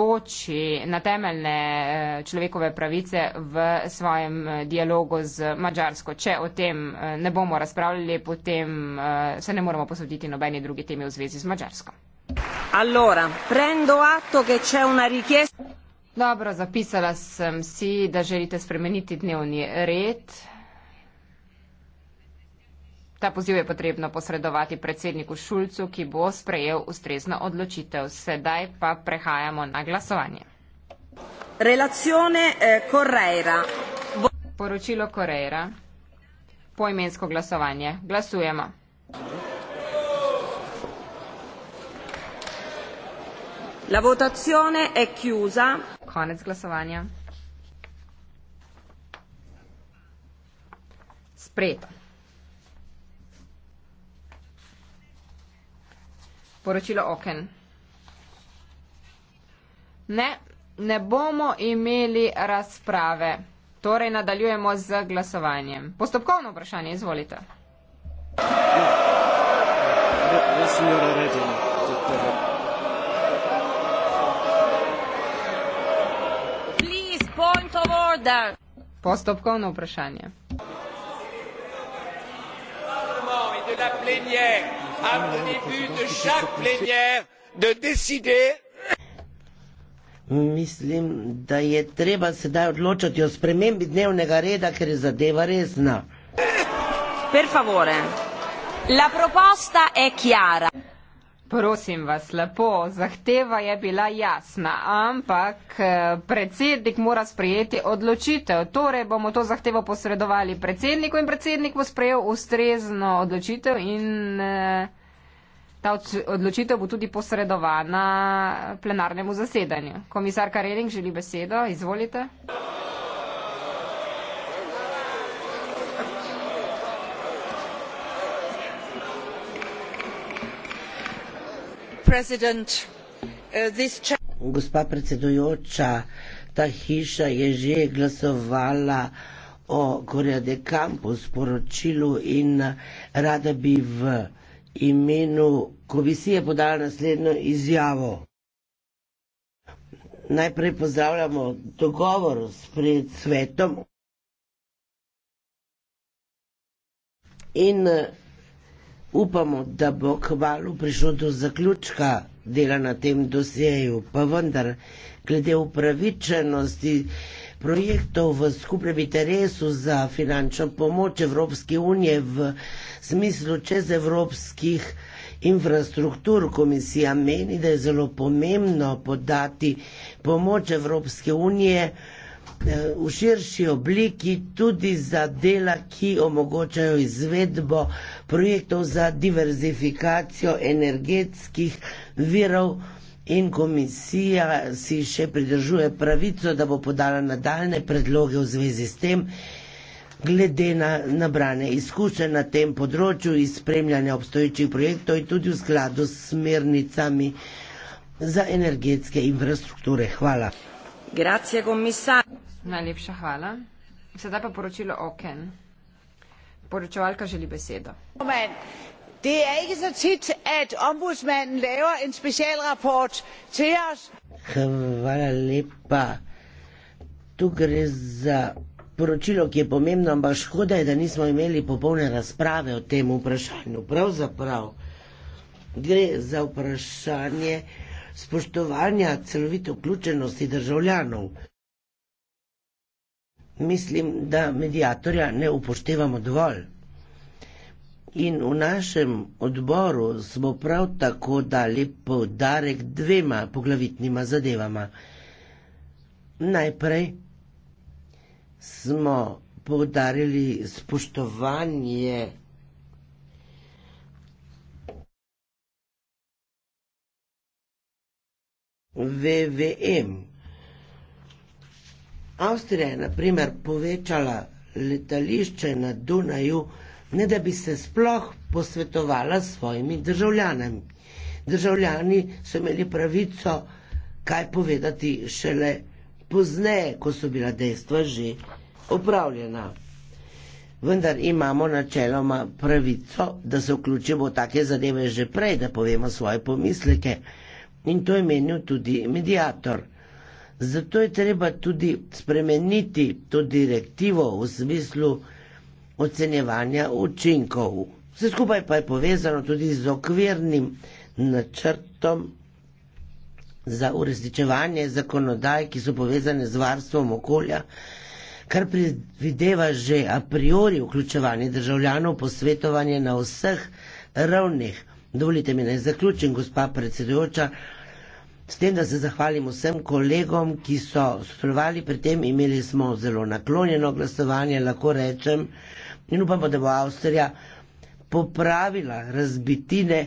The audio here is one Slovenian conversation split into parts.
osredotoči na temeljne eh, človekove pravice v svojem eh, dialogu z Mačarsko. Če o tem eh, ne bomo razpravljali, potem se ne moremo posvetiti nobeni drugi temi v zvezi z Mačarsko. Allora, prendo atto che c'è una richiesta. Dobro, zapisala sem si, da želite spremeniti dnevni red. Ta poziv je potrebno posredovati predsedniku Šulcu, ki bo sprejel ustrezno odločitev. Sedaj pa prehajamo na glasovanje. Eh, Poročilo Korejra. Poimensko glasovanje. Glasujemo. La votazione è chiusa. Konec glasovanja. Sprejeto. Poročilo oken. Ne, ne bomo imeli razprave. Torej nadaljujemo z glasovanjem. Postopkovno vprašanje, izvolite. Postopkovno vprašanje avant le début de chaque plénière de décider. Mislim, da je treba sedaj odločiti o spremembi dnevnega reda, ker je zadeva resna. Per favore, la proposta è chiara. Prosim vas, lepo, zahteva je bila jasna, ampak eh, predsednik mora sprejeti odločitev. Torej bomo to zahtevo posredovali predsedniku in predsednik bo sprejel ustrezno odločitev in eh, ta odločitev bo tudi posredovana plenarnemu zasedanju. Komisarka Rering želi besedo, izvolite. Uh, Gospa predsedujoča, ta hiša je že glasovala o Korea de Campo sporočilu in rada bi v imenu komisije podala naslednjo izjavo. Najprej pozdravljamo dogovor s svetom in upamo, da bo kvalu prišlo do zaključka dela na tem dosjeju, pa vendar, glede upravičenosti projektov v skupnem interesu za finančno pomoč Evropske unije v smislu čez evropskih infrastruktur, komisija meni, da je zelo pomembno podati pomoč Evropske unije. Eh, v širši obliki tudi za dela, ki omogočajo izvedbo projektov za diverzifikacijo energetskih virov in komisija si še pridržuje pravico, da bo podala nadaljne predloge v zvezi s tem, glede na nabrane izkušnje na tem področju in spremljanja obstoječih projektov in tudi v skladu s smernicami za energetske infrastrukture. Hvala. Grazie, commissario. Najlepša hvala. Sedaj pa poročilo Oken. Poročevalka želi besedo. Det er ikke så tit, at ombudsmanden laver en specialrapport til os. Hvala lepa. Tu gre za poročilo, ki je pomembno, ampak škoda je, da nismo imeli popolne razprave o tem vprašanju. Pravzaprav gre za vprašanje spoštovanja celovite vključenosti državljanov mislim, da medijatorja ne upoštevamo dovolj. In v našem odboru smo prav tako dali povdarek dvema poglavitnima zadevama. Najprej smo povdarili spoštovanje VVM. Avstrija je, na primer, povečala letališče na Dunaju, ne da bi se sploh posvetovala s svojimi državljanami. Državljani so imeli pravico kaj povedati šele pozneje, ko so bila dejstva že upravljena. Vendar imamo načeloma pravico, da se vključimo v take zadeve že prej, da povemo svoje pomisleke. In to je menil tudi medijator. Zato je treba tudi spremeniti to direktivo v smislu ocenjevanja učinkov. Vse skupaj pa je povezano tudi z okvirnim načrtom za uresničevanje zakonodaj, ki so povezane z varstvom okolja, kar predvideva že a priori vključevanje državljanov posvetovanje na vseh ravneh. Dovolite mi naj zaključim, gospa predsedujoča. S tem, da se zahvalim vsem kolegom, ki so sodelovali pri tem, imeli smo zelo naklonjeno glasovanje, lahko rečem, in upamo, da bo Avstrija popravila razbitine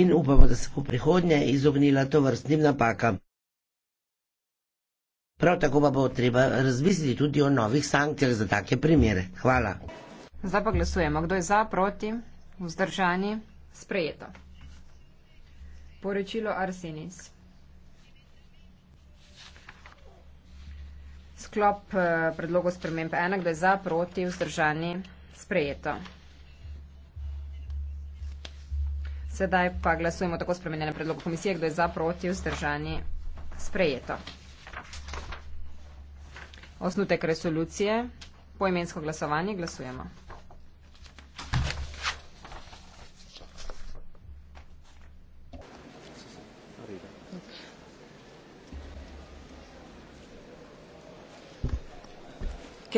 in upamo, da se bo prihodnje izognila to vrstnim napakam. Prav tako pa bo treba razmisliti tudi o novih sankcijah za take primere. Hvala. Zdaj pa glasujemo, kdo je za, proti, vzdržani, sprejeto. Poročilo Arsenis. sklop eh, predlogov spremembe ena, kdo je za, proti, vzdržani, sprejeto. Sedaj pa glasujemo tako spremenjene predlogo komisije, kdo je za, proti, vzdržani, sprejeto. Osnutek resolucije, poimensko glasovanje, glasujemo.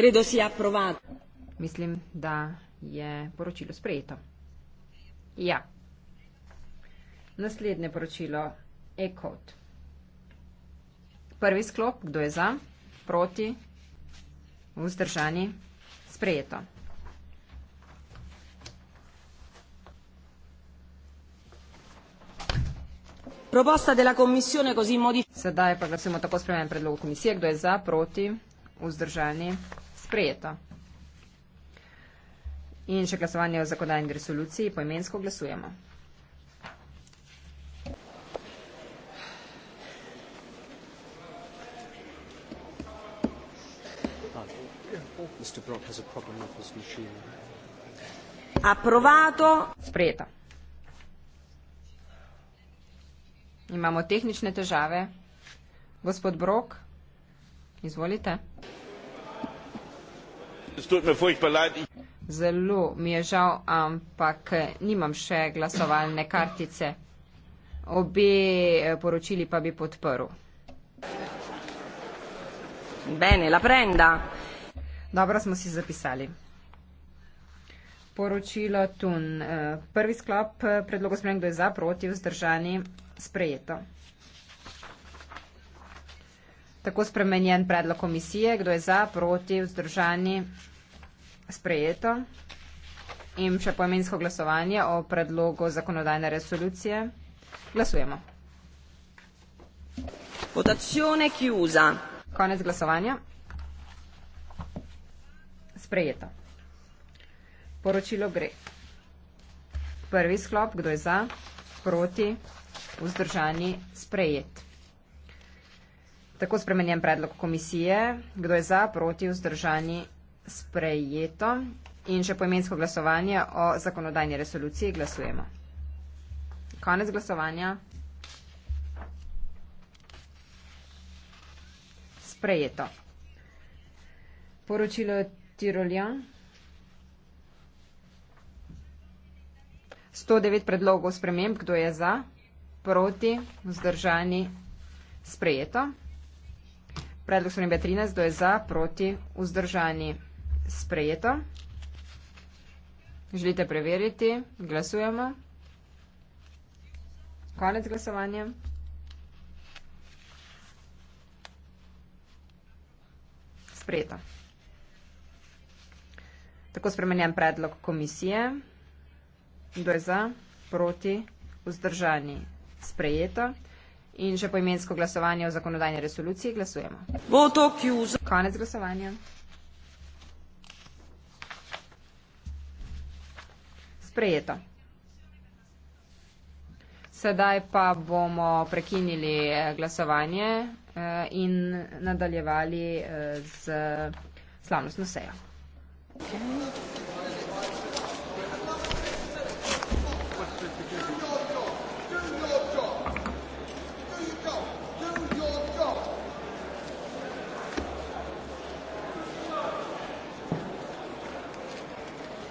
Credo sia ja approvato. Mislim, da je poročilo sprejeto. Ja. Naslednje poročilo. E-kod. Prvi sklop, kdo je za, proti, vzdržani, sprejeto. Proposta della commissione così modificata. Sedaj pa glasujemo tako spremenjen predlog komisije, kdo je za, proti, vzdržani, sprejeto. In še glasovanje o zakonodajni resoluciji, poimensko glasujemo. Approvato. Sprejeto. Imamo tehnične težave. Gospod Brok, izvolite. Zelo mi je žal, ampak eh, nimam še glasovalne kartice. Obe eh, poročili pa bi podprl. Bene, la prenda. Dobro smo si zapisali. Poročilo Tun. Eh, prvi sklop predlogo sprem, kdo je za, proti, vzdržani, sprejeto. Tako spremenjen predlog komisije, kdo je za, proti, vzdržani, sprejeto sprejeto in še poemensko glasovanje o predlogu zakonodajne resolucije. Glasujemo. Votazione chiusa. Konec glasovanja. Sprejeto. Poročilo gre. Prvi sklop, kdo je za, proti, vzdržani, sprejet. Tako spremenjen predlog komisije, kdo je za, proti, vzdržani, sprejeto. In še poimensko glasovanje o zakonodajni resoluciji glasujemo. Konec glasovanja. Sprejeto. Poročilo Tirolja. 109 predlogov sprememb, kdo je za, proti, vzdržani, sprejeto. Predlog sprememb je 13, kdo je za, proti, vzdržani, sprejeto sprejeto. Želite preveriti? Glasujemo. Konec glasovanja. Sprejeto. Tako spremenjen predlog komisije. Kdo je za? Proti? Vzdržani? Sprejeto. In še poimensko glasovanje o zakonodajni resoluciji. Glasujemo. Konec glasovanja. sprejeta. Sedaj pa bomo prekinili eh, glasovanje eh, in nadaljevali eh, z slavnostno sejo. Okay.